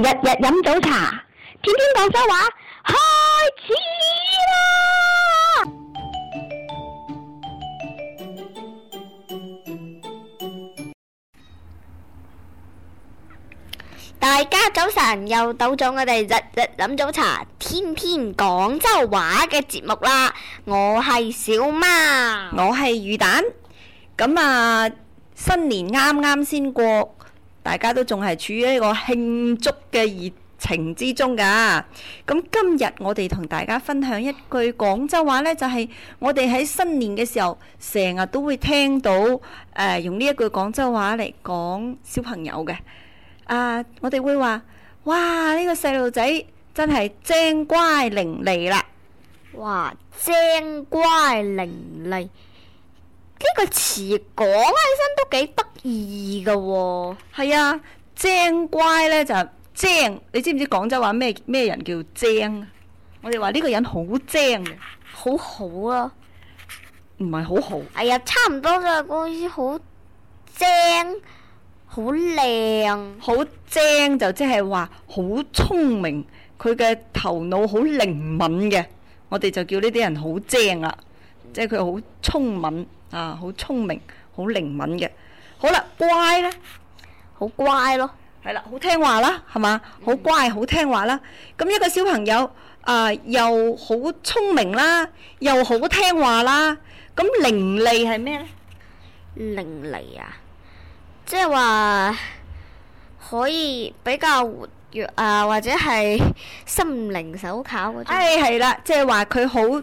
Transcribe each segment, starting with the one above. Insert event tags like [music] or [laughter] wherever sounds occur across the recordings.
日日飲早茶，天天廣州話，開始啦！大家早晨，又到咗我哋日日飲早茶，天天廣州話嘅節目啦！我係小媽，我係魚蛋，咁啊，新年啱啱先過。大家都仲係處於一個慶祝嘅熱情之中㗎。咁今日我哋同大家分享一句廣州話呢，就係我哋喺新年嘅時候，成日都會聽到誒用呢一句廣州話嚟講小朋友嘅。啊，我哋會話：哇！呢個細路仔真係精乖伶俐啦！哇，精乖伶俐。個詞講起身都幾得意噶喎，係啊，精乖呢就精。你知唔知廣州話咩咩人叫精？我哋話呢個人好精嘅，好好啊，唔係好好。哎呀，差唔多啦，嗰啲好精，好靚，好精就即係話好聰明，佢嘅頭腦好靈敏嘅，我哋就叫呢啲人好精啊。即係佢好聰敏啊，好聰明，好、啊、靈敏嘅。好啦，乖咧，好乖咯，係啦，好聽話啦，係嘛，好乖，好聽話啦。咁、嗯嗯、一個小朋友啊、呃，又好聰明啦，又好聽話啦。咁伶俐係咩咧？伶俐啊，即係話可以比較活躍啊，或者係心靈手巧嗰種。係、哎、啦，即係話佢好誒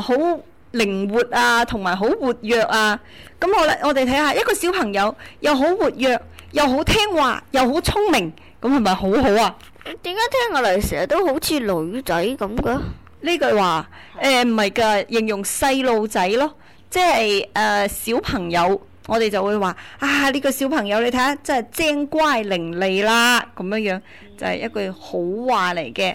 好。呃靈活啊，同埋好活躍啊！咁我咧，我哋睇下一個小朋友又好活躍，又好聽話，又好聰明，咁係咪好好啊？點解聽我嚟成日都好似女仔咁㗎？呢句話誒唔係㗎，形容細路仔咯，即係誒、呃、小朋友，我哋就會話啊呢、呢個小朋友你睇下真係精乖伶俐啦，咁樣樣就係一句好話嚟嘅、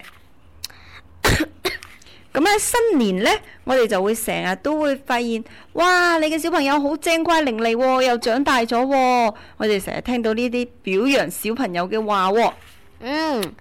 嗯。 [laughs] 咁喺新年呢，我哋就會成日都會發現，哇！你嘅小朋友好精乖伶俐，又長大咗、哦，我哋成日聽到呢啲表揚小朋友嘅話喎、哦。嗯。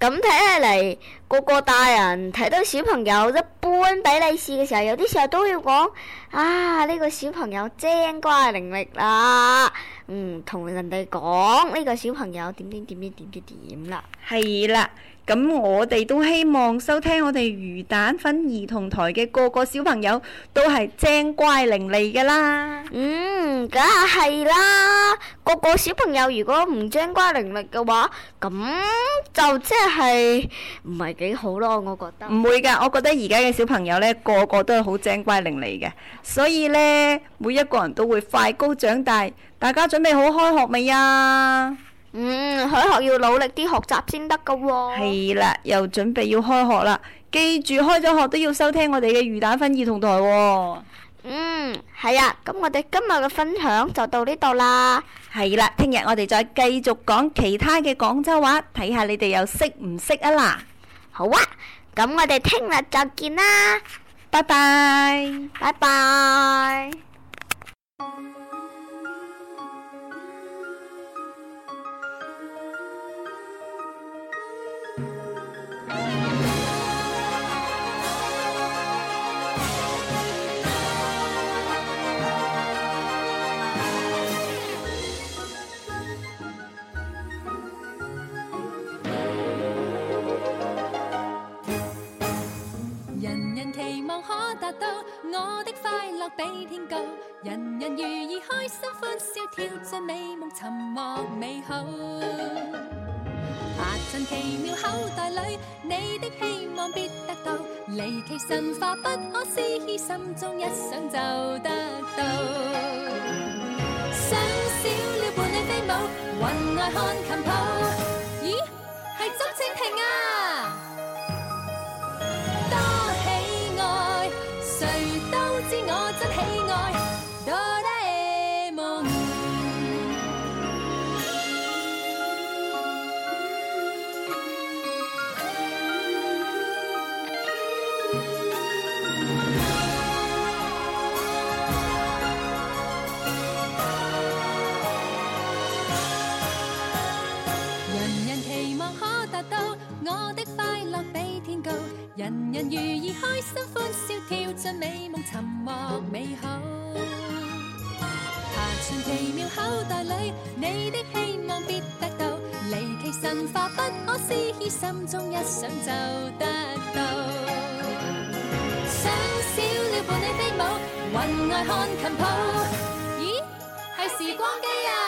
咁睇起嚟，個個大人睇到小朋友一般俾利是嘅時候，有啲時候都要講，啊，呢個小朋友精乖伶俐啦，嗯，同人哋講呢個小朋友點點點點點點啦。係啦，咁我哋都希望收聽我哋魚蛋粉兒童台嘅個個小朋友都係精乖伶俐噶啦。嗯，梗係啦。個個小朋友如果唔精乖伶俐嘅話，咁就即係唔係幾好咯。我覺得唔會噶，我覺得而家嘅小朋友呢，個個都係好精乖伶俐嘅，所以呢，每一個人都會快高長大。大家準備好開學未啊？嗯，開學要努力啲學習先得噶。喎，係啦，又準備要開學啦，記住開咗學都要收聽我哋嘅魚蛋粉兒童台哦。嗯，係啊，咁我哋今日嘅分享就到呢度啦。係啦，聽日我哋再繼續講其他嘅廣州話，睇下你哋又識唔識啊啦？好啊，咁我哋聽日就見啦，拜拜，拜拜。達到我的快樂比天高，人人如意開心歡笑，笑，跳進美夢尋獲美好。爬進奇妙口袋裏，你的希望必得到，離奇神話不可思議，心中一想就得到。想小鳥伴你飛舞，雲外看琴譜。人人如意，開心歡笑跳，跳進美夢尋獲美好。爬上奇妙口袋裡，你的希望必得到，離奇神化不可思議，心中一想就得到。想小鳥伴你飛舞，雲外看琴譜，咦，係時光機呀，啊！